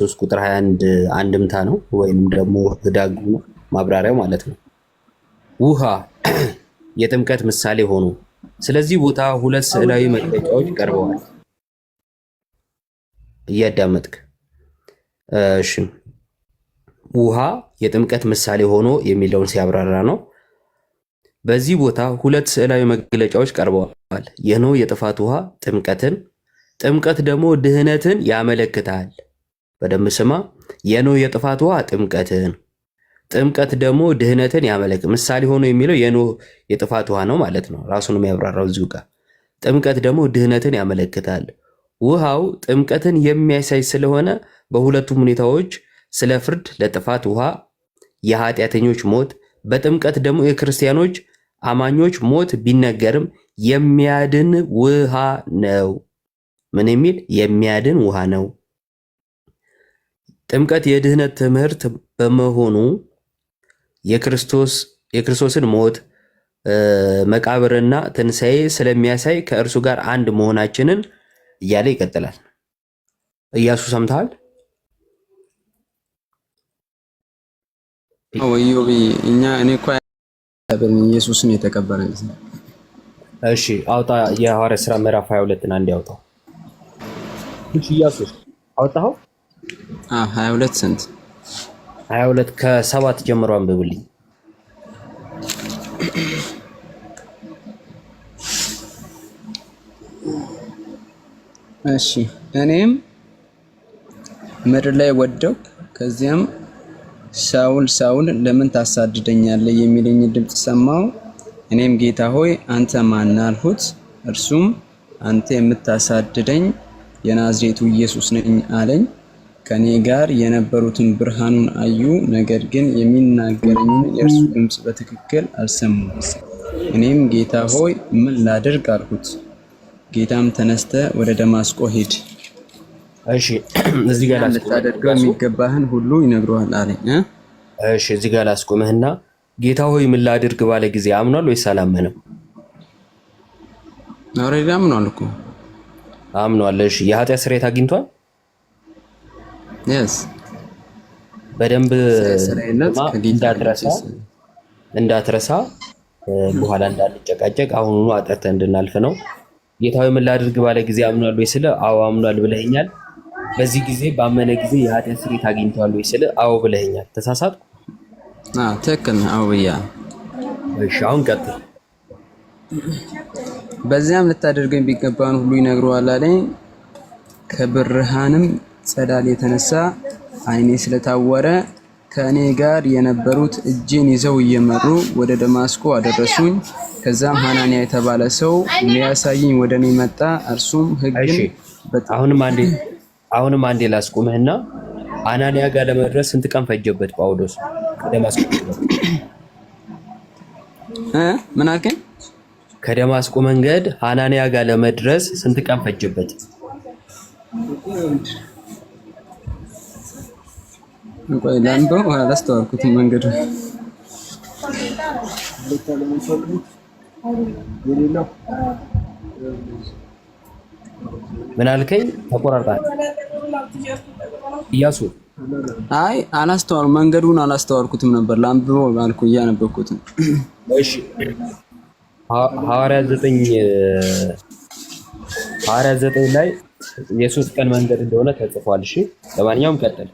ሶስት ቁጥር 21 አንድምታ ነው ወይም ደግሞ ህዳግ ማብራሪያው ማለት ነው። ውሃ የጥምቀት ምሳሌ ሆኖ ስለዚህ ቦታ ሁለት ስዕላዊ መግለጫዎች ቀርበዋል። እያዳመጥክ እሺ። ውሃ የጥምቀት ምሳሌ ሆኖ የሚለውን ሲያብራራ ነው። በዚህ ቦታ ሁለት ስዕላዊ መግለጫዎች ቀርበዋል። የኖህ የጥፋት ውሃ ጥምቀትን፣ ጥምቀት ደግሞ ድህነትን ያመለክታል። በደንብ ስማ። የኖህ የጥፋት ውሃ ጥምቀትን፣ ጥምቀት ደግሞ ድህነትን ያመለክ ምሳሌ ሆኖ የሚለው የኖህ የጥፋት ውሃ ነው ማለት ነው። ራሱን የሚያብራራው እዚሁ ጋር ጥምቀት ደግሞ ድህነትን ያመለክታል። ውሃው ጥምቀትን የሚያሳይ ስለሆነ በሁለቱም ሁኔታዎች ስለ ፍርድ ለጥፋት ውሃ የኃጢአተኞች ሞት፣ በጥምቀት ደግሞ የክርስቲያኖች አማኞች ሞት ቢነገርም የሚያድን ውሃ ነው። ምን የሚል የሚያድን ውሃ ነው። ጥምቀት የድህነት ትምህርት በመሆኑ የክርስቶስን ሞት መቃብርና ትንሣኤ ስለሚያሳይ ከእርሱ ጋር አንድ መሆናችንን እያለ ይቀጥላል። እያሱ ሰምተሃል? ወዮ እኛ እኔ እኮ ኢየሱስን የተቀበረ እሺ፣ አውጣ የሐዋርያ ስራ ምዕራፍ 22 አንድ ያውጣው እያሱ አውጣው ሀያ ሁለት ስንት ሀያ ሁለት ከሰባት ጀምሮ አንብብልኝ። እሺ እኔም ምድር ላይ ወደው ከዚያም ሳውል ሳውል ለምን ታሳድደኛለህ የሚለኝ ድምፅ ሰማው። እኔም ጌታ ሆይ አንተ ማን አልሁት። እርሱም አንተ የምታሳድደኝ የናዝሬቱ ኢየሱስ ነኝ አለኝ። ከኔ ጋር የነበሩትን ብርሃኑን አዩ፣ ነገር ግን የሚናገረኝን የእርሱ ድምፅ በትክክል አልሰሙም። እኔም ጌታ ሆይ ምን ላድርግ አልኩት። ጌታም ተነስተ ወደ ደማስቆ ሂድ፣ ልታደርገው የሚገባህን ሁሉ ይነግረዋል አለኝ። እሺ እዚህ ጋር ላስቆምህና ጌታ ሆይ ምን ላድርግ ባለ ጊዜ አምኗል ወይስ አላመነም? አምኗል እኮ አምኗል። እሺ የኃጢአት ስርየት አግኝቷል? በደንብ እንዳትረሳ በኋላ እንዳንጨቃጨቅ አሁኑኑ አጥርተህ እንድናልፍ ነው። ጌታዊ ምን ላድርግ ባለ ጊዜ አምኗል ወይ ስለ አዎ አምኗል ብለኸኛል። በዚህ ጊዜ ባመነ ጊዜ የኃጢአት ስርየት አግኝተዋል ወይ ስለ አዎ ብለኸኛል። ተሳሳትኩ? ትክክል አዎ ብያ። እሺ አሁን ቀጥል። በዚያም ልታደርገኝ ቢገባን ሁሉ ይነግረዋል አለኝ ከብርሃንም ጸዳል የተነሳ ዓይኔ ስለታወረ ከእኔ ጋር የነበሩት እጄን ይዘው እየመሩ ወደ ደማስቆ አደረሱኝ። ከዛም ሐናንያ የተባለ ሰው ሊያሳይኝ ወደ እኔ መጣ። እርሱም ህግን አሁንም አንዴ ላስቁምህና አናንያ ጋር ለመድረስ ስንት ቀን ፈጀበት ጳውሎስ ከደማስቆ? ምን አልከኝ? ከደማስቆ መንገድ አናንያ ጋር ለመድረስ ስንት ቀን ፈጀበት? ላንበው አላስተዋልኩትም መንገዱ ምን አልከኝ? ተቆራርጣል። እያሱ አይ አላስተዋል መንገዱን አላስተዋልኩትም ነበር ላንብቦ አልኩ እያነበብኩት። ሐዋርያ ዘጠኝ ሐዋርያ ዘጠኝ ላይ የሶስት ቀን መንገድ እንደሆነ ተጽፏል። እሺ ለማንኛውም ቀጥል።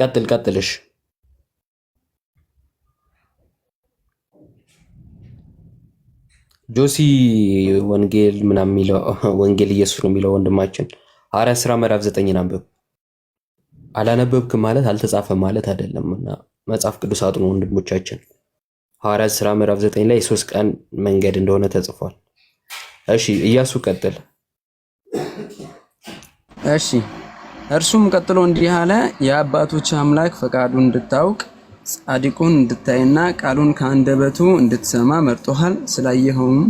ቀጥል ቀጥልሽ ጆሲ ወንጌል ምናምን የሚለው ወንጌል ኢየሱስ ነው የሚለው ወንድማችን ሐዋርያት ሥራ ምዕራፍ ዘጠኝን አንብብ። አላነበብክም ማለት አልተጻፈ ማለት አይደለም እና መጽሐፍ ቅዱስ አጥኑ ወንድሞቻችን። ሐዋርያት ሥራ ምዕራፍ ዘጠኝ ላይ የሶስት ቀን መንገድ እንደሆነ ተጽፏል። እሺ እያሱ ቀጥል። እሺ እርሱም ቀጥሎ እንዲህ አለ፣ የአባቶች አምላክ ፈቃዱ እንድታውቅ ጻድቁን እንድታይና ቃሉን ከአንደበቱ እንድትሰማ መርጦሃል። ስላየኸውም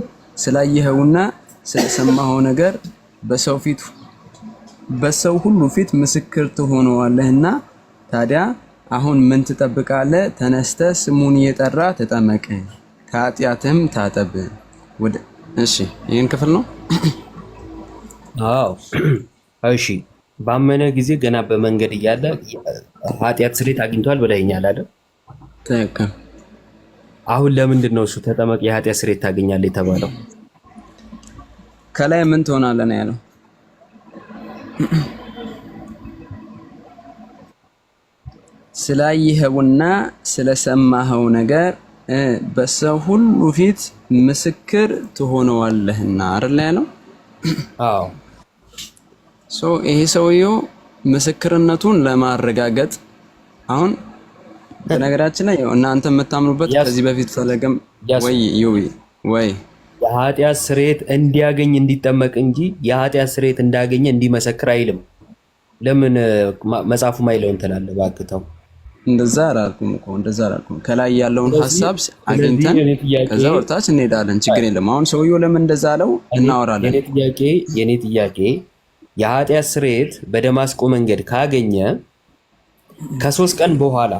ስላየኸውና ስለሰማኸው ነገር በሰው ፊት በሰው ሁሉ ፊት ምስክር ትሆነዋለህና ታዲያ አሁን ምን ትጠብቃለህ? ተነስተ ስሙን እየጠራ ተጠመቀ ከኃጢአትህም ታጠብ። ወደ እሺ፣ ይህን ክፍል ነው። አዎ እሺ ባመነ ጊዜ ገና በመንገድ እያለ ኃጢአት ስሌት አግኝቷል ብለኸኛል አይደል? አሁን ለምንድን ነው እሱ ተጠመቅ የኃጢአት ስሬት ታገኛለህ የተባለው? ከላይ ምን ትሆናለህ ነው ያለው። ስላየኸውና ስለሰማኸው ነገር በሰው ሁሉ ፊት ምስክር ትሆነዋለህና አይደል ያለው? አዎ ሶ ይሄ ሰውየው ምስክርነቱን ለማረጋገጥ አሁን በነገራችን ላይ እናንተ የምታምኑበት ከዚህ በፊት ፈለገም ወይ ዩቢ ወይ የኃጢአት ስርየት እንዲያገኝ እንዲጠመቅ እንጂ የኃጢአት ስርየት እንዳገኘ እንዲመሰክር አይልም። ለምን መጽሐፉ ማይለውን ትላለህ? ባክተው እንደዛ አላልኩም እኮ እንደዛ አላልኩም። ከላይ ያለውን ሀሳብ አግኝተን ከዛ ወርታች እንሄዳለን። ችግር የለም። አሁን ሰውየው ለምን እንደዛ አለው እናወራለን። የኔ ጥያቄ የኔ ጥያቄ የኃጢአት ስርየት በደማስቆ መንገድ ካገኘ ከሶስት ቀን በኋላ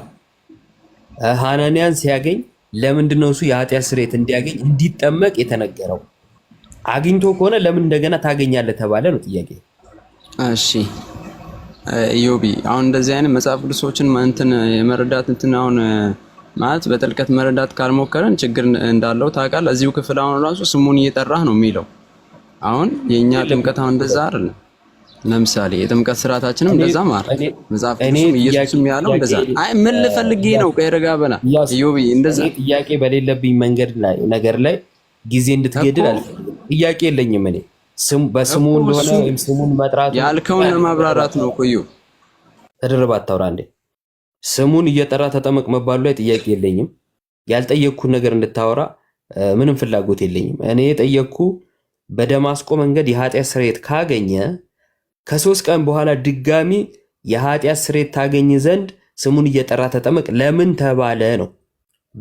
ሃናንያን ሲያገኝ ለምንድን ነው እሱ የኃጢአት ስርየት እንዲያገኝ እንዲጠመቅ የተነገረው? አግኝቶ ከሆነ ለምን እንደገና ታገኛለህ ተባለ ነው ጥያቄ። እሺ ዮቢ፣ አሁን እንደዚህ አይነት መጽሐፍ ቅዱሶችን እንትን የመረዳት እንትን አሁን ማለት በጥልቀት መረዳት ካልሞከረን ችግር እንዳለው ታውቃለህ። እዚሁ ክፍል አሁን ራሱ ስሙን እየጠራህ ነው የሚለው። አሁን የእኛ ጥምቀት አሁን እንደዛ አይደለም። ለምሳሌ የጥምቀት ስርዓታችንም እንደዛ ማር መጽሐፍ ኢየሱስም ያለው እንደዛ። አይ ምን ልፈልግ ነው? ቆይ ረጋ በላ ዮቢ። እንደዛ ጥያቄ በሌለብኝ መንገድ ላይ ነገር ላይ ጊዜ እንድትገድል አለ ጥያቄ የለኝም እኔ ስም በስሙ እንደሆነ ወይም ስሙን መጥራት ያልከውን ለማብራራት ነው። ቆዩ ተደረባ አታውራ እንዴ ስሙን እየጠራ ተጠመቅ መባሉ ላይ ጥያቄ የለኝም። ያልጠየቅኩ ነገር እንድታወራ ምንም ፍላጎት የለኝም። እኔ የጠየቅኩ በደማስቆ መንገድ የኃጢአት ስርየት ካገኘ ከሶስት ቀን በኋላ ድጋሚ የኃጢአት ስሬት ታገኝ ዘንድ ስሙን እየጠራ ተጠመቅ ለምን ተባለ ነው።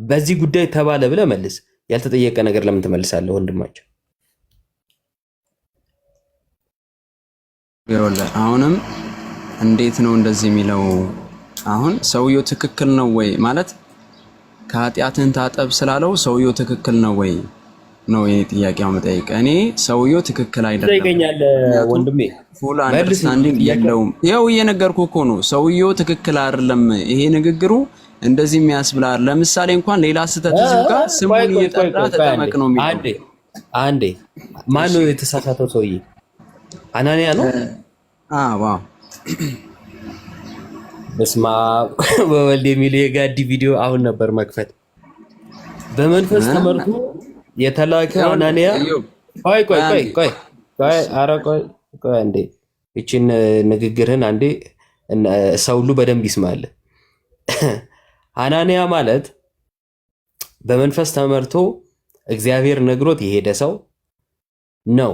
በዚህ ጉዳይ ተባለ ብለ መልስ። ያልተጠየቀ ነገር ለምን ትመልሳለህ ወንድማቸው? አሁንም እንዴት ነው እንደዚህ የሚለው? አሁን ሰውየው ትክክል ነው ወይ ማለት ከኃጢአትን ታጠብ ስላለው ሰውየው ትክክል ነው ወይ ነው የኔ ጥያቄ መጠየቅ። እኔ ሰውየው ትክክል አይደለም፣ ፉል አንደርስታንዲንግ የለውም። ያው እየነገርኩ እኮ ነው፣ ሰውየው ትክክል አይደለም። ይሄ ንግግሩ እንደዚህ የሚያስብላል። ለምሳሌ እንኳን ሌላ ስህተት እዚሁ ጋር ስሙን እየጠራ ተጠመቅ ነው የሚለው። አንዴ ማን ነው የተሳሳተው ሰውዬ? አናንያ ነው። አዎ በስመ አብ ወወልድ የሚል የጋዲ ቪዲዮ አሁን ነበር መክፈት። በመንፈስ ተመርቶ የተላከ አናንያ ቆይ ቆይ ቆይ ቆይ ቆይ ኧረ ቆይ ቆይ አንዴ ይቺን ንግግርህን አንዴ ሰው ሁሉ በደንብ ይስማል። አናንያ ማለት በመንፈስ ተመርቶ እግዚአብሔር ነግሮት የሄደ ሰው ነው።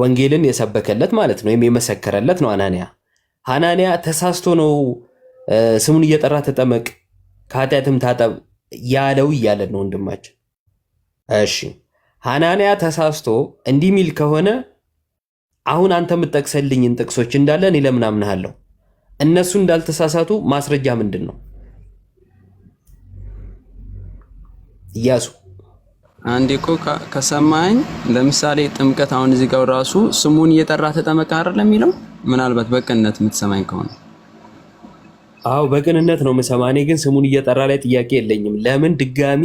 ወንጌልን የሰበከለት ማለት ነው፣ ወይም የመሰከረለት ነው። አናንያ አናንያ ተሳስቶ ነው ስሙን እየጠራ ተጠመቅ፣ ከኃጢአትም ታጠብ ያለው እያለን ነው ወንድማችን እሺ ሐናንያ ተሳስቶ እንዲህ ሚል ከሆነ አሁን አንተ የምጠቅሰልኝን ጥቅሶች እንዳለ እኔ ለምን አምናሃለሁ? እነሱ እንዳልተሳሳቱ ማስረጃ ምንድን ነው? እያሱ አንዴ እኮ ከሰማኝ ለምሳሌ ጥምቀት አሁን እዚህ ጋር ራሱ ስሙን እየጠራ ተጠመቀ አይደለም የሚለው ምናልባት በቅነት የምትሰማኝ ከሆነ አዎ በቅንነት ነው የምሰማ። እኔ ግን ስሙን እየጠራ ላይ ጥያቄ የለኝም። ለምን ድጋሚ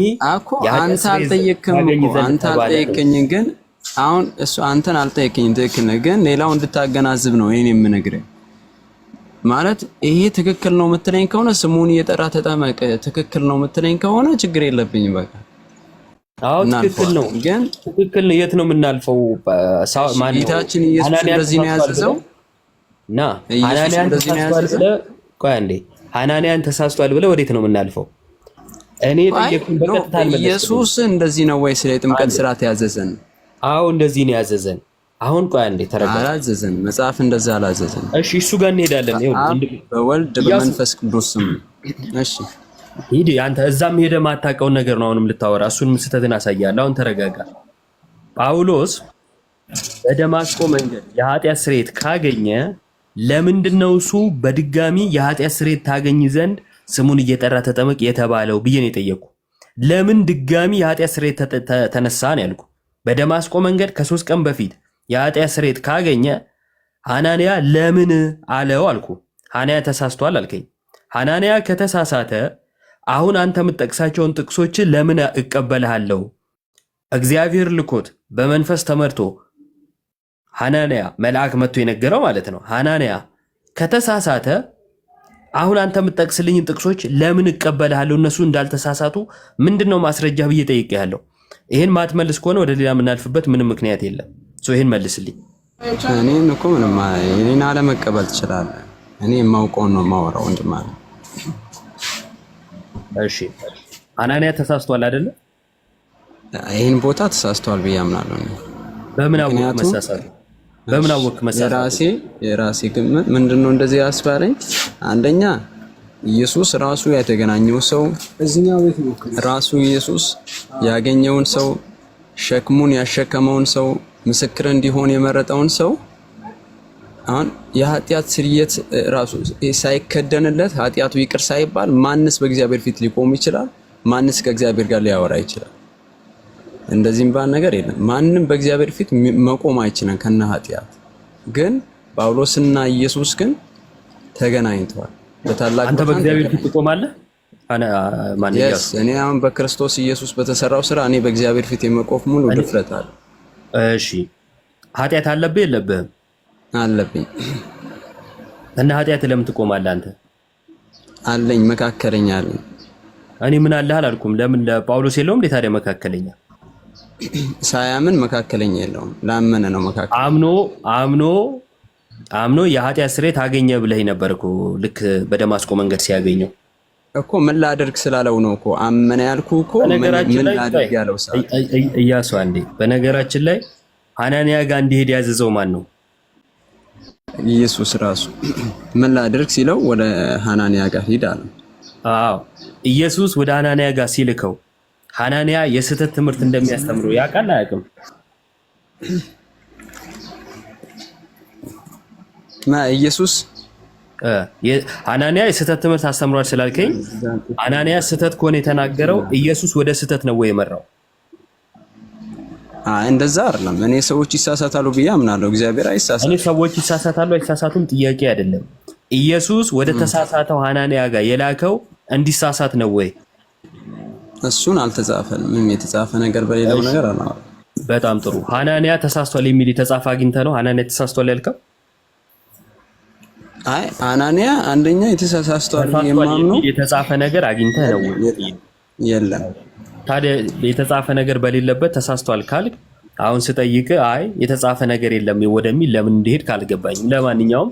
አንተ አልጠየቅክም? አንተ አልጠየቅኝ ግን አሁን እሱ አንተን አልጠየቅኝም። ትክክል ግን ሌላው እንድታገናዝብ ነው ይሄን የምነግርህ። ማለት ይሄ ትክክል ነው የምትለኝ ከሆነ ስሙን እየጠራ ተጠመቅ፣ ትክክል ነው የምትለኝ ከሆነ ችግር የለብኝም። በቃ አዎ ትክክል ነው ግን ትክክል ነው። የት ነው የምናልፈው? ጌታችን ኢየሱስ እንደዚህ ነው ያዘዘው ና ያዘዘው ቆይ አንዴ ሐናንያን ተሳስቷል ብለህ ወዴት ነው የምናልፈው? እኔ ጠየቅኩኝ፣ በቀጥታ አልመለስም። ኢየሱስ እንደዚህ ነው ወይ ስለ ጥምቀት ስርዓት ያዘዘን? አዎ እንደዚህ ነው ያዘዘን። አሁን ቆይ አንዴ ተረጋጋ። አላዘዘን፣ መጽሐፍ እንደዛ አላዘዘን። እሺ እሱ ጋር እንሄዳለን። በወልድ በመንፈስ ቅዱስም እሺ ሂድ። አንተ እዛም ሄደ የማታውቀውን ነገር ነው አሁንም ልታወራ። እሱን ምስተትን አሳያለሁ። አሁን ተረጋጋ። ጳውሎስ በደማስቆ መንገድ የኃጢአት ስርየት ካገኘ ለምንድነው እሱ በድጋሚ የኃጢአት ስሬት ታገኝ ዘንድ ስሙን እየጠራ ተጠመቅ የተባለው ብዬ ነው የጠየቅኩ። ለምን ድጋሚ የኃጢአት ስሬት ተነሳ ነው ያልኩ። በደማስቆ መንገድ ከሶስት ቀን በፊት የኃጢአት ስሬት ካገኘ ሐናንያ ለምን አለው አልኩ። ሐናንያ ተሳስቷል አልከኝ። ሐናንያ ከተሳሳተ አሁን አንተ የምትጠቅሳቸውን ጥቅሶች ለምን እቀበልሃለሁ? እግዚአብሔር ልኮት በመንፈስ ተመርቶ ሃናንያ መልአክ መጥቶ የነገረው ማለት ነው። ሃናንያ ከተሳሳተ አሁን አንተ የምትጠቅስልኝን ጥቅሶች ለምን እቀበልሃለሁ? እነሱ እንዳልተሳሳቱ ምንድን ነው ማስረጃ ብዬ ጠይቄያለሁ። ይህን ማትመልስ ከሆነ ወደ ሌላ የምናልፍበት ምንም ምክንያት የለም። ይህን መልስልኝ። እኔን እኮ ምንም እኔን አለመቀበል ትችላለህ። እኔ የማውቀውን ነው የማወራው። ወንድማ እሺ፣ አናንያ ተሳስቷል አይደለ? ይህን ቦታ ተሳስቷል ብዬ አምናለሁ። በምን አወቅ መሳሳት በምን አወቅ መሰለህ? የራሴ የራሴ ግምት ምንድነው እንደዚህ ያስባለኝ፣ አንደኛ ኢየሱስ ራሱ የተገናኘው ሰው ራሱ ኢየሱስ ያገኘውን ሰው ሸክሙን ያሸከመውን ሰው ምስክር እንዲሆን የመረጠውን ሰው አሁን የኃጢአት ስርየት ራሱ ሳይከደንለት ኃጢአቱ ይቅር ሳይባል ማንስ በእግዚአብሔር ፊት ሊቆም ይችላል? ማንስ ከእግዚአብሔር ጋር ሊያወራ ይችላል? እንደዚህም የሚባል ነገር የለም። ማንም በእግዚአብሔር ፊት መቆም አይችልም ከነ ኃጢአት። ግን ጳውሎስና ኢየሱስ ግን ተገናኝተዋል። በታላቅ አንተ በእግዚአብሔር ፊት ትቆማለህ። እኔ አሁን በክርስቶስ ኢየሱስ በተሰራው ስራ እኔ በእግዚአብሔር ፊት የመቆፍ ሙሉ ድፍረት አለ። እሺ ኃጢአት አለብህ የለብህም? አለብኝ። እና ኃጢአት ለምን ትቆማለህ አንተ? አለኝ መካከለኛ አለኝ። እኔ ምን አለህ አላልኩም። ለምን ለጳውሎስ የለውም? ታዲያ መካከለኛ ሳያምን መካከለኛ የለውም። ላመነ ነው መካከል አምኖ አምኖ አምኖ የኃጢአት ስርየት አገኘ ብለህ ነበር እኮ ልክ በደማስቆ መንገድ ሲያገኘው እኮ ምን ላደርግ ስላለው ነው እኮ አመነ ያልኩ እኮ ምን ላደርግ ያለው ሰው እያሱ አንዴ በነገራችን ላይ ሐናንያ ጋር እንዲሄድ ያዘዘው ማን ነው? ኢየሱስ ራሱ ምን ላደርግ ሲለው ወደ ሐናንያ ጋር ሂድ አለ። አዎ ኢየሱስ ወደ ሐናንያ ጋር ሲልከው ሃናንያ የስህተት ትምህርት እንደሚያስተምሩ ያውቃል አያውቅም? ና ኢየሱስ ሐናንያ የስህተት ትምህርት አስተምሯል ስላልከኝ፣ ሐናንያ ስህተት ከሆነ የተናገረው ኢየሱስ ወደ ስህተት ነው ወይ የመራው? እንደዛ አይደለም። እኔ ሰዎች ይሳሳታሉ ብዬ አምናለሁ። እግዚአብሔር አይሳሳት። እኔ ሰዎች ይሳሳታሉ አይሳሳቱም ጥያቄ አይደለም። ኢየሱስ ወደ ተሳሳተው ሐናንያ ጋር የላከው እንዲሳሳት ነው ወይ? እሱን አልተጻፈንም። ምንም የተጻፈ ነገር በሌለው ነገር አላ በጣም ጥሩ ሐናንያ ተሳስቷል የሚል የተጻፈ አግኝተ ነው። ሐናንያ ተሳስቷል ያልከው? አይ ሐናንያ አንደኛ የተሳስቷል የማምነው የተጻፈ ነገር አግኝተ ነው። የለም ታዲያ የተጻፈ ነገር በሌለበት ተሳስቷል ካልክ አሁን ስጠይቅ አይ የተጻፈ ነገር የለም ወደሚል ለምን እንደሄድ ካልገባኝም፣ ለማንኛውም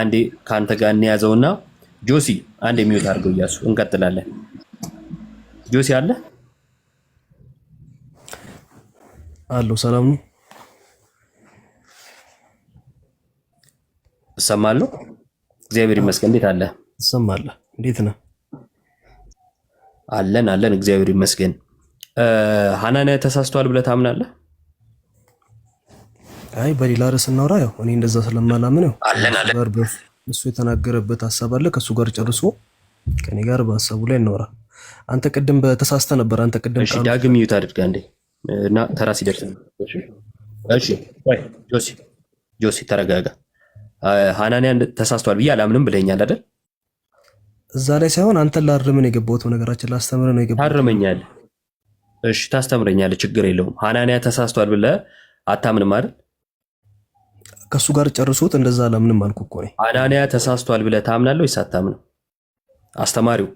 አንዴ ከአንተ ጋር እንያዘውና ጆሲ አንድ የሚወት አድርገው እያሱ እንቀጥላለን። ጆሲ አለ አለው። ሰላም ነው እሰማለሁ። እግዚአብሔር ይመስገን። እንዴት አለ እሰማለሁ። እንዴት ነው? አለን አለን። እግዚአብሔር ይመስገን። ሐናንያ ተሳስቷል ብለህ ታምናለህ? አይ በሌላ ርዕስ እናውራ። ያው እኔ እንደዛ ስለማላምን ያው እሱ የተናገረበት ሀሳብ አለ። ከእሱ ጋር ጨርሶ ከኔ ጋር በሀሳቡ ላይ እናውራ። አንተ ቅድም በተሳስተ ነበር። አንተ ቅድም ዳግም ይዩት አድርገ እንዴ እና ተራ ሲደርስ ጆሲ ጆሲ ተረጋጋ። ሀናንያን ተሳስቷል ብዬ አላምንም ብለኛል አይደል? እዛ ላይ ሳይሆን አንተን ነው የገባሁት ነገራችን ላስተምር ነው የገባሁት። ታርመኛል። እሺ ታስተምረኛለ፣ ችግር የለውም። ሀናንያ ተሳስቷል ብለ አታምንም አይደል? ከእሱ ጋር ጨርሶት እንደዛ አላምንም አልኩ እኮ እኔ። ተሳስቷል ብለ ታምናለህ ወይስ አታምንም? አስተማሪው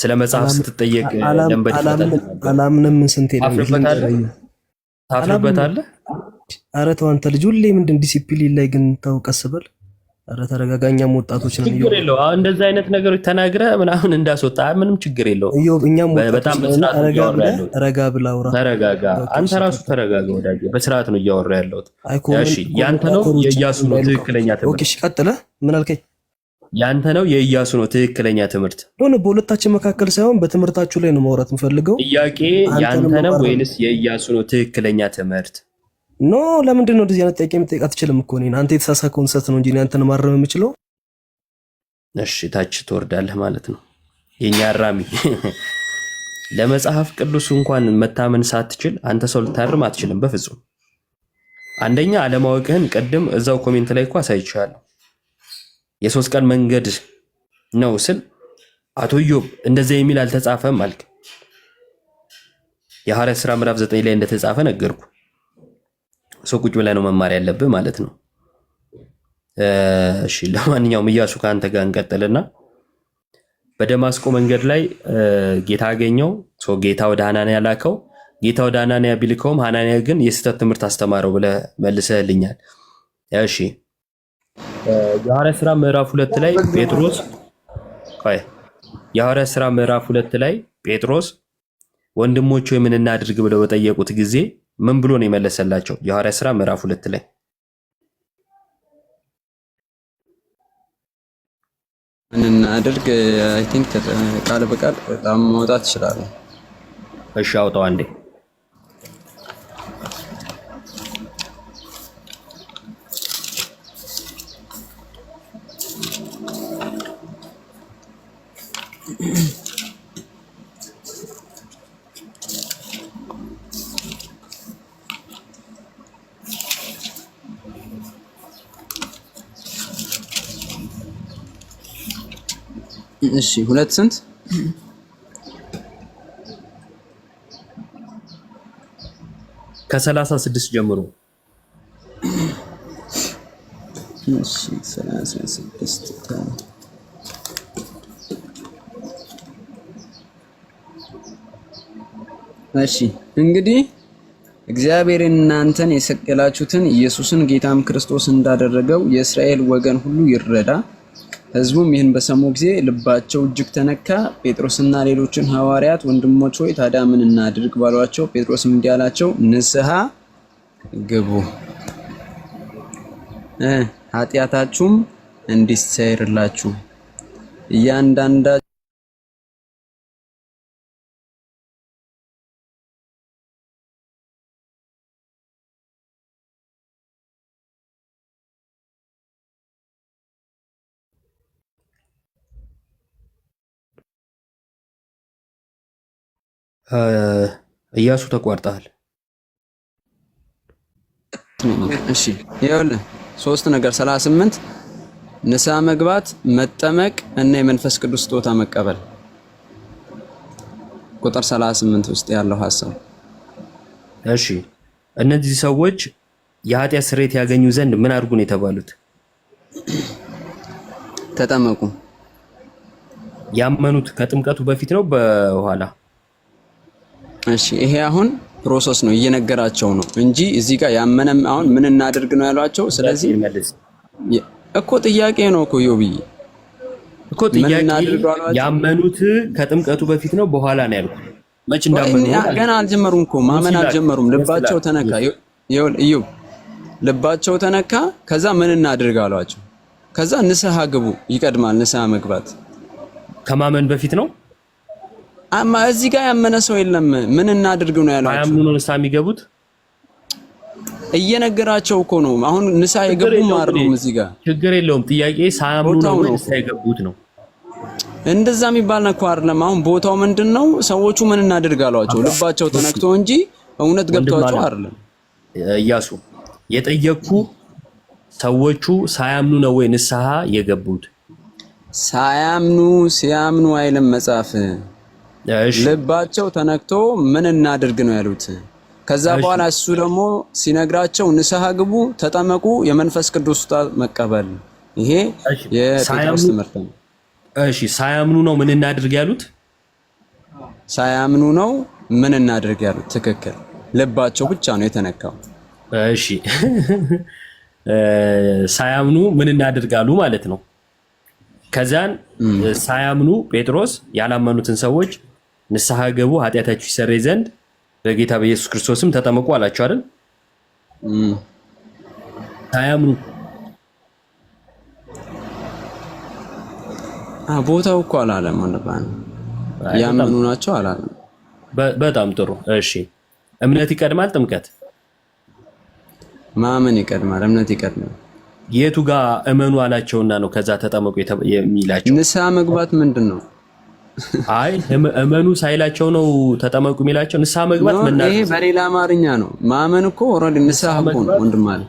ስለ መጽሐፍ ስትጠየቅ ለንበድ አላምንም። ስንት ታፍርበታለህ? ኧረ ተው አንተ ልጅ ሁሌ ምንድን ዲሲፕሊን ላይ ግን ተው፣ ቀስ በል። ኧረ ተረጋጋኛም ወጣቶች ነን። ችግር የለው አሁን እንደዚህ አይነት ነገሮች ተናግረ ምናምን እንዳስወጣ ምንም ችግር የለው። እኛም በጣም ረጋ ብላ አውራ፣ ተረጋጋ። አንተ ራሱ ተረጋጋ ወዳጄ። በስርዓት ነው እያወራ ያለሁት። ያንተ ነው የእያሱ ነው ትክክለኛ። ቀጥለ ምን አልከኝ? ያንተ ነው የእያሱ ነው ትክክለኛ ትምህርት ሆነ። በሁለታችን መካከል ሳይሆን በትምህርታችሁ ላይ ነው ማውራት የምፈልገው። ጥያቄ ያንተ ነው ወይንስ የእያሱ ነው ትክክለኛ ትምህርት? ኖ ለምንድን ነው እንደዚህ አይነት ጥያቄ መጠየቅ አትችልም እኮ እኔን። አንተ የተሳሳከውን ሰት ነው እንጂ አንተን ማረም የምችለው። እሺ ታች ትወርዳለህ ማለት ነው የኛ አራሚ። ለመጽሐፍ ቅዱስ እንኳን መታመን ሳትችል አንተ ሰው ልታርም አትችልም በፍጹም። አንደኛ አለማወቅህን ቅድም እዛው ኮሜንት ላይ እኮ አሳይቻለሁ። የሶስት ቀን መንገድ ነው ስል አቶ ዮብ እንደዚያ የሚል አልተጻፈም አልክ። የሐዋርያት ሥራ ምዕራፍ ዘጠኝ ላይ እንደተጻፈ ነገርኩ። ሰው ቁጭ ብለህ ነው መማር ያለብህ ማለት ነው። እሺ ለማንኛውም እያሱ ከአንተ ጋር እንቀጥልና በደማስቆ መንገድ ላይ ጌታ አገኘው። ጌታ ወደ ሐናንያ ላከው። ጌታ ወደ ሐናንያ ቢልከውም ሐናንያ ግን የስህተት ትምህርት አስተማረው ብለህ መልሰህልኛል። እሺ የሐዋርያ ስራ ምዕራፍ ሁለት ላይ ጴጥሮስ የሐዋርያ ስራ ምዕራፍ ሁለት ላይ ጴጥሮስ ወንድሞቹ እናድርግ ብለው በጠየቁት ጊዜ ምን ብሎ ነው የመለሰላቸው? የሐዋርያ ስራ ምዕራፍ ሁለት ላይ ምን እናድርግ? አይ ቲንክ ቃል በቃል በጣም መውጣት ይችላል። እሺ አውጣው አንዴ እሺ ሁለት ስንት ከሰላሳ ስድስት ጀምሮ እሺ ሰላሳ ስድስት እሺ እንግዲህ እግዚአብሔር እናንተን የሰቀላችሁትን ኢየሱስን ጌታም ክርስቶስ እንዳደረገው የእስራኤል ወገን ሁሉ ይረዳ። ህዝቡም ይህን በሰሙ ጊዜ ልባቸው እጅግ ተነካ። ጴጥሮስና ሌሎችን ሐዋርያት ወንድሞች ሆይ ታዲያ ምን እናድርግ ባሏቸው፣ ጴጥሮስም እንዲህ አላቸው ንስሐ ግቡ ኃጢአታችሁም እንዲሰይርላችሁ እያንዳንዳ እያሱ ተቋርጠሃል። እሺ ይኸውልህ ሶስት ነገር 38 ንስሐ መግባት፣ መጠመቅ እና የመንፈስ ቅዱስ ስጦታ መቀበል ቁጥር 38 ውስጥ ያለው ሀሳብ። እሺ እነዚህ ሰዎች የኃጢአት ስሬት ያገኙ ዘንድ ምን አድርጉ ነው የተባሉት? ተጠመቁ። ያመኑት ከጥምቀቱ በፊት ነው በኋላ እሺ ይሄ አሁን ፕሮሰስ ነው እየነገራቸው ነው እንጂ እዚህ ጋር ያመነም አሁን ምን እናደርግ ነው ያሏቸው። ስለዚህ እኮ ጥያቄ ነው እኮ ዮብዬ እኮ ጥያቄ ያመኑት ከጥምቀቱ በፊት ነው በኋላ ነው ያልኩት። መች እንዳመኑ ገና አልጀመሩም እኮ ማመን አልጀመሩም። ልባቸው ተነካ። ይኸውልህ እዩ ልባቸው ተነካ። ከዛ ምን እናድርግ አሏቸው። ከዛ ንስሐ ግቡ ይቀድማል። ንስሐ መግባት ከማመን በፊት ነው አማ እዚህ ጋር ያመነ ሰው የለም። ምን እናድርግ ነው ያለው። አያምኑ ነው ንሳ የሚገቡት እየነገራቸው እኮ ነው። አሁን ንሳ የገቡ ማርዱም እዚህ ጋር ችግር የለውም። ጥያቄ ሳያምኑ ነው ንሳ የገቡት ነው። እንደዛ የሚባል ነው እኮ አይደለም። አሁን ቦታው ምንድን ነው? ሰዎቹ ምን እናድርግ አሏቸው። ልባቸው ተነክቶ እንጂ እውነት ገብቷቸው አይደለም። እያሱ የጠየቅኩ ሰዎቹ ሳያምኑ ነው ወይ ንስሓ የገቡት? ሳያምኑ ሲያምኑ አይልም መጽሐፍ ልባቸው ተነክቶ ምን እናድርግ ነው ያሉት። ከዛ በኋላ እሱ ደግሞ ሲነግራቸው ንስሐ ግቡ፣ ተጠመቁ፣ የመንፈስ ቅዱስ ስጦታ መቀበል። ይሄ የጴጥሮስ ትምህርት ነው። እሺ ሳያምኑ ነው ምን እናድርግ ያሉት? ሳያምኑ ነው ምን እናድርግ ያሉት። ትክክል። ልባቸው ብቻ ነው የተነካው። እሺ ሳያምኑ ምን እናድርጋሉ ማለት ነው። ከዛን ሳያምኑ ጴጥሮስ ያላመኑትን ሰዎች ንስሐ ገቡ ኃጢአታችሁ ይሰረይ ዘንድ በጌታ በኢየሱስ ክርስቶስም ተጠመቁ አላችሁ አይደል? ሳያምኑ ቦታው እኮ አላለም። ያምኑ ናቸው አላለም። በጣም ጥሩ እሺ። እምነት ይቀድማል ጥምቀት? ማመን ይቀድማል። እምነት ይቀድማል። የቱ ጋር እመኑ አላቸውና ነው ከዛ ተጠመቁ የሚላቸው? ንስሐ መግባት ምንድን ነው? አይ እመኑ ሳይላቸው ነው ተጠመቁ የሚላቸው። ንስሐ መግባት መናገር ይሄ በሌላ አማርኛ ነው። ማመን እኮ ኦልሬዲ ንስሐ እኮ ነው ወንድም አለ።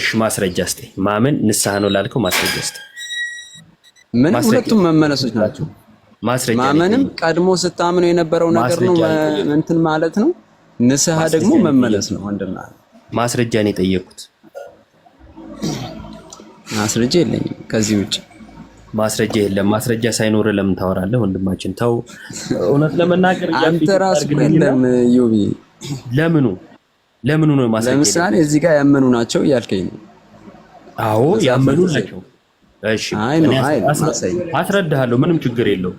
እሺ ማስረጃ እስኪ። ማመን ንስሐ ነው ላልከው ማስረጃ እስኪ። ምን ሁለቱም መመለሶች ናቸው። ማስረጃ ማመንም ቀድሞ ስታምነው የነበረው ነገር ነው እንትን ማለት ነው። ንስሐ ደግሞ መመለስ ነው ወንድም አለ። ማስረጃ ነው የጠየኩት። ማስረጃ የለኝም ከዚህ ውጭ ማስረጃ የለም። ማስረጃ ሳይኖር ለምን ታወራለህ? ወንድማችን ተው። እውነት ለመናገር አንተ ራስህ የለም ዩቢ ለምኑ ለምኑ ነው ማስረጃ? ለምሳሌ እዚህ ጋር ያመኑ ናቸው እያልከኝ ነው? አዎ ያመኑ ናቸው። እሺ አይ ነው አይ አስረዳሃለሁ። ምንም ችግር የለው።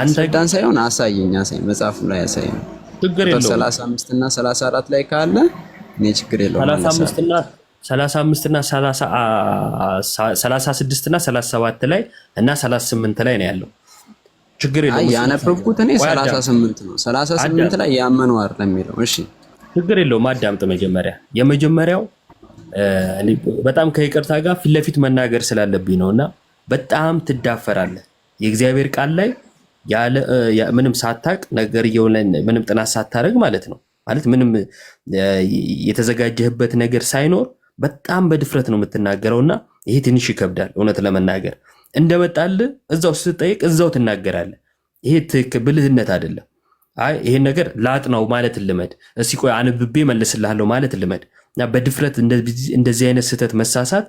አንተ ዳን ሳይሆን አሳየኝ፣ አሳይ መጽሐፉ ላይ አሳየኝ። ችግር የለው። 35 እና 34 ላይ ካለ እኔ ችግር የለው። 35 እና 35 እና 36 እና 37 ላይ እና 38 ላይ ነው ያለው። ችግር የለውም። ያነበብኩት እኔ 38 ነው። 38 ላይ ያመነው አይደለም የሚለው። እሺ ችግር የለውም። አዳምጥ። መጀመሪያ የመጀመሪያው በጣም ከይቅርታ ጋር ፊት ለፊት መናገር ስላለብኝ ነው እና በጣም ትዳፈራለህ የእግዚአብሔር ቃል ላይ ምንም ሳታቅ ነገር ምንም ጥናት ሳታደርግ ማለት ነው ማለት ምንም የተዘጋጀህበት ነገር ሳይኖር በጣም በድፍረት ነው የምትናገረውና ይሄ ትንሽ ይከብዳል። እውነት ለመናገር እንደመጣል እዛው ስትጠይቅ እዛው ትናገራለ ይሄ ትክክል ብልህነት አይደለም። አይ ይሄን ነገር ላጥናው ማለት ልመድ፣ እስኪ ቆይ አንብቤ መለስልሃለሁ ማለት ልመድ። እና በድፍረት እንደዚህ አይነት ስህተት መሳሳት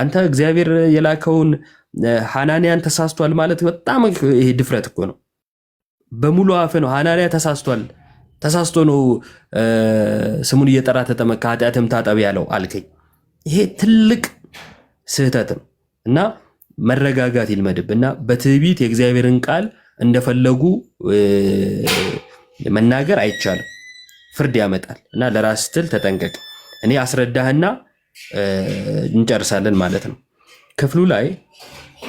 አንተ እግዚአብሔር የላከውን ሃናንያን ተሳስቷል ማለት በጣም ይሄ ድፍረት እኮ ነው። በሙሉ አፈ ነው ሃናንያ ተሳስቷል፣ ተሳስቶ ነው ስሙን እየጠራ ተጠመቅ፣ ኃጢአትም ታጠብ ያለው አልከኝ። ይሄ ትልቅ ስህተት ነው እና መረጋጋት ይልመድብ እና በትዕቢት የእግዚአብሔርን ቃል እንደፈለጉ መናገር አይቻልም። ፍርድ ያመጣል እና ለራስ ስትል ተጠንቀቅ። እኔ አስረዳህና እንጨርሳለን ማለት ነው። ክፍሉ ላይ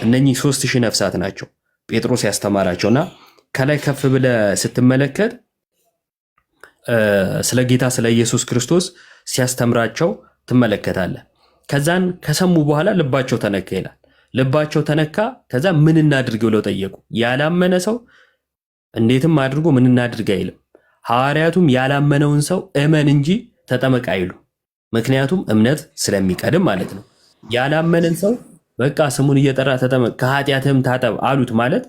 እነኚህ ሶስት ሺህ ነፍሳት ናቸው ጴጥሮስ እና ከላይ ከፍ ብለህ ስትመለከት ስለ ጌታ ስለ ኢየሱስ ክርስቶስ ሲያስተምራቸው ትመለከታለህ። ከዛን ከሰሙ በኋላ ልባቸው ተነካ ይላል። ልባቸው ተነካ። ከዛ ምን እናድርግ ብለው ጠየቁ። ያላመነ ሰው እንዴትም አድርጎ ምን እናድርግ አይልም። ሐዋርያቱም ያላመነውን ሰው እመን እንጂ ተጠመቅ አይሉ። ምክንያቱም እምነት ስለሚቀድም ማለት ነው። ያላመነን ሰው በቃ ስሙን እየጠራ ተጠመቅ፣ ከኃጢአትህም ታጠብ አሉት ማለት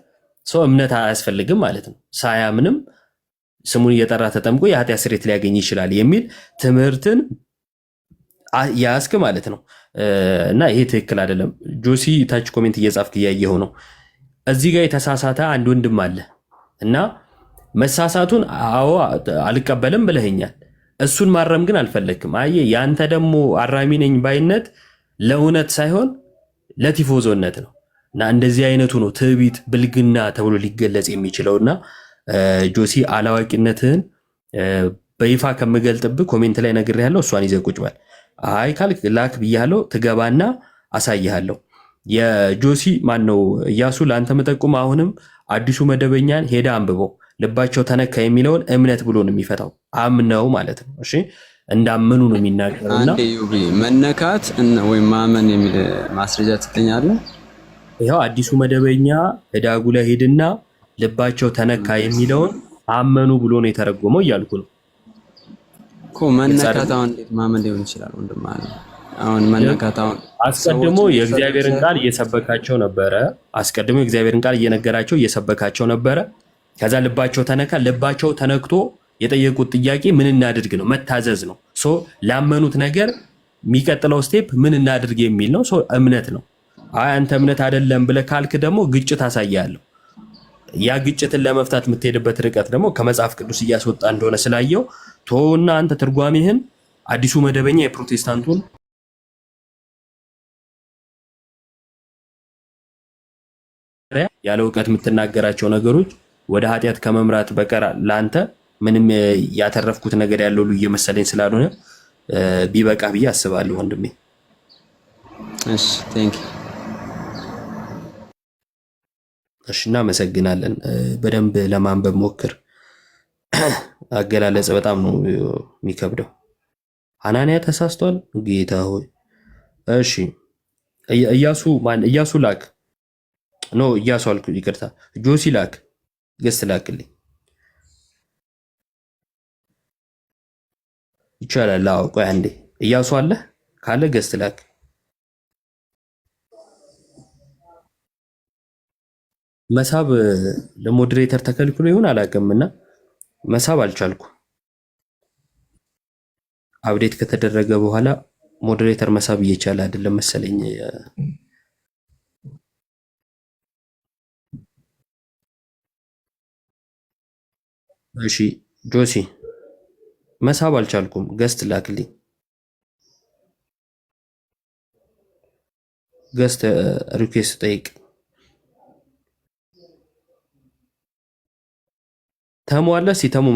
ሰው እምነት አያስፈልግም ማለት ነው። ሳያምንም ስሙን እየጠራ ተጠምቆ የኃጢአት ስርየት ሊያገኝ ይችላል የሚል ትምህርትን ያስክ ማለት ነው። እና ይሄ ትክክል አይደለም። ጆሲ ታች ኮሜንት እየጻፍክ እያየው ነው። እዚህ ጋር የተሳሳተ አንድ ወንድም አለ እና መሳሳቱን አዎ አልቀበልም ብለህኛል እሱን ማረም ግን አልፈለግክም። አየ ያንተ ደግሞ አራሚ ነኝ ባይነት ለእውነት ሳይሆን ለቲፎዞነት ነው። እና እንደዚህ አይነቱ ነው ትዕቢት፣ ብልግና ተብሎ ሊገለጽ የሚችለው እና ጆሲ አላዋቂነትህን በይፋ ከምገልጥብህ ኮሜንት ላይ ነግሬሃለሁ። እሷን ይዘህ ቁጭ በል። አይ ካልክ ላክ ብያለው ትገባና አሳይሃለሁ። የጆሲ ማነው እያሱ ለአንተ መጠቁም አሁንም አዲሱ መደበኛን ሄደ አንብበው ልባቸው ተነካ የሚለውን እምነት ብሎ ነው የሚፈታው። አምነው ማለት ነው። እሺ እንዳመኑ ነው የሚናገርና መነካት ወይም ማመን የሚል ማስረጃ ትገኛለህ። ይኸው አዲሱ መደበኛ ህዳጉ ላይ ሄድና ልባቸው ተነካ የሚለውን አመኑ ብሎ ነው የተረጎመው እያልኩ ነው። መነካታውን ማመን ሊሆን ይችላል? ወንድም አሁን መነካታውን አስቀድሞ የእግዚአብሔርን ቃል እየሰበካቸው ነበረ። አስቀድሞ የእግዚአብሔርን ቃል እየነገራቸው እየሰበካቸው ነበረ። ከዛ ልባቸው ተነካ። ልባቸው ተነክቶ የጠየቁት ጥያቄ ምን እናድርግ ነው፣ መታዘዝ ነው። ሶ ላመኑት ነገር የሚቀጥለው ስቴፕ ምን እናድርግ የሚል ነው። ሶ እምነት ነው። አይ አንተ እምነት አይደለም ብለህ ካልክ ደግሞ ግጭት አሳያለሁ። ያ ግጭትን ለመፍታት የምትሄድበት ርቀት ደግሞ ከመጽሐፍ ቅዱስ እያስወጣ እንደሆነ ስላየው ቶና አንተ ትርጓሜህን አዲሱ መደበኛ የፕሮቴስታንቱን ያለ እውቀት የምትናገራቸው ነገሮች ወደ ኃጢአት ከመምራት በቀር ለአንተ ምንም ያተረፍኩት ነገር ያለው እየመሰለኝ ስላልሆነ ቢበቃ ብዬ አስባለሁ ወንድሜ። እሺ ቴንክ እሺ እናመሰግናለን። በደንብ ለማንበብ ሞክር። አገላለጽ በጣም ነው የሚከብደው። አናንያ ተሳስቷል። ጌታ ሆይ እሺ። እያሱ ማን? እያሱ ላክ ኖ እያሱ አልኩ፣ ይቅርታ ጆሲ ላክ፣ ገስ ላክልኝ ይቻላል። አዎ ቆይ አንዴ እያሱ አለ ካለ ገስ ላክ መሳብ ለሞዴሬተር ተከልክሎ ይሁን አላውቅም እና መሳብ አልቻልኩ። አብዴት ከተደረገ በኋላ ሞዴሬተር መሳብ እየቻለ አይደለም መሰለኝ። እሺ ጆሲ መሳብ አልቻልኩም። ገስት ላክሊ ገስት ሪኩዌስት ጠይቅ። ተሙ አለ።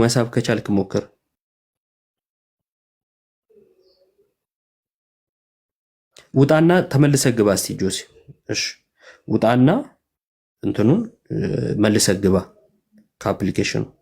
መሳብ ከቻልክ ሞክር። ውጣና ተመልሰ ግባ። እስኪ ጆሲ፣ እሺ ውጣና እንትኑን መልሰ ግባ ከአፕሊኬሽኑ